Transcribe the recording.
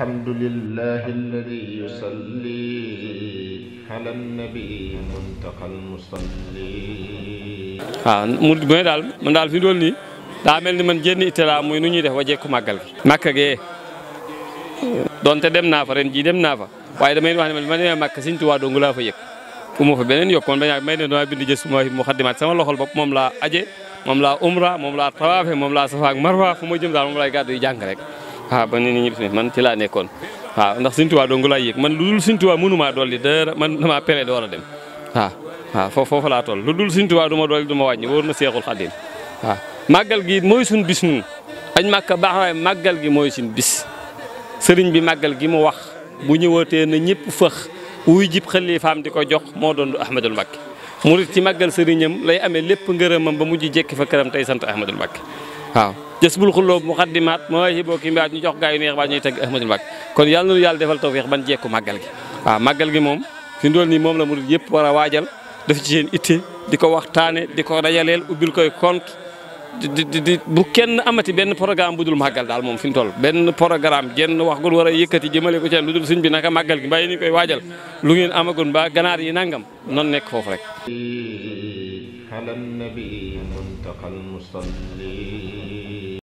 الحمد لله الذي يصلي daal man daal fi dool nii daa ni man jenn itte laa muy nu ñuy def wajeeku màggal gi Makka gee donte dem naa fa ren jii dem naa fa waaye wax ne man ma demee Makka Sëñ Tuubaa dong laa fa yëg ku ma fa beneen yokk man bañaa may ne dama bind jës ma muxaddimaat sama loxol bopp moom laa aje moom laa umra moom laa tawaafe moom laa safa ak marwa fu ma jëm daal moom laay gàddu yi jàng rek waaw ah, ba ni ñi bis man ci laa nekkoon waaw ah, ndax Sëñ Tuubaa dong laa yëg man lu dul Sëñ Tuubaa mënumaa dolli dara man damaa pere door a dem waaw ah, waaw foofu laa toll lu dul Sëñ Tuubaa du ma dolli du ma wàññi wóor na Seexul Xadiim waaw màggal gi mooy suñ bis nun añ màkka baax gi mooy suñ bis sëriñ bi màggal gi mu wax bu ñëwatee na ñëpp fëx wuy jib xalifaam di ko jox moo doon du Ahmadul Mbakke murit ci màggal sëriñam lay ame lépp ngërëmam ba mujj jekki fa këram tey sant Ahmadul Mbakke waaw Jazbul moy hibo ki kimbiyaat ñu jox gaay neex ba ñuy tegg ahmadou mbak kon yalla nanu yalla defal tawfiq ban jekku magal gi wa magal gi mom fi ndol ni mom la mudul yëpp wara wajal def ci seen itte diko waxtane diko di ubil koy compte di di di bu kenn amati ben programme budul magal dal mom moom fi mu toll benn programme jenn wax gul wara a jëmele ko ci lu dul bi naka magal gi baye ni koy wajal lu ngeen amagoon ba ganar yi nangam non nek fofu rek على النبي منتقى musalli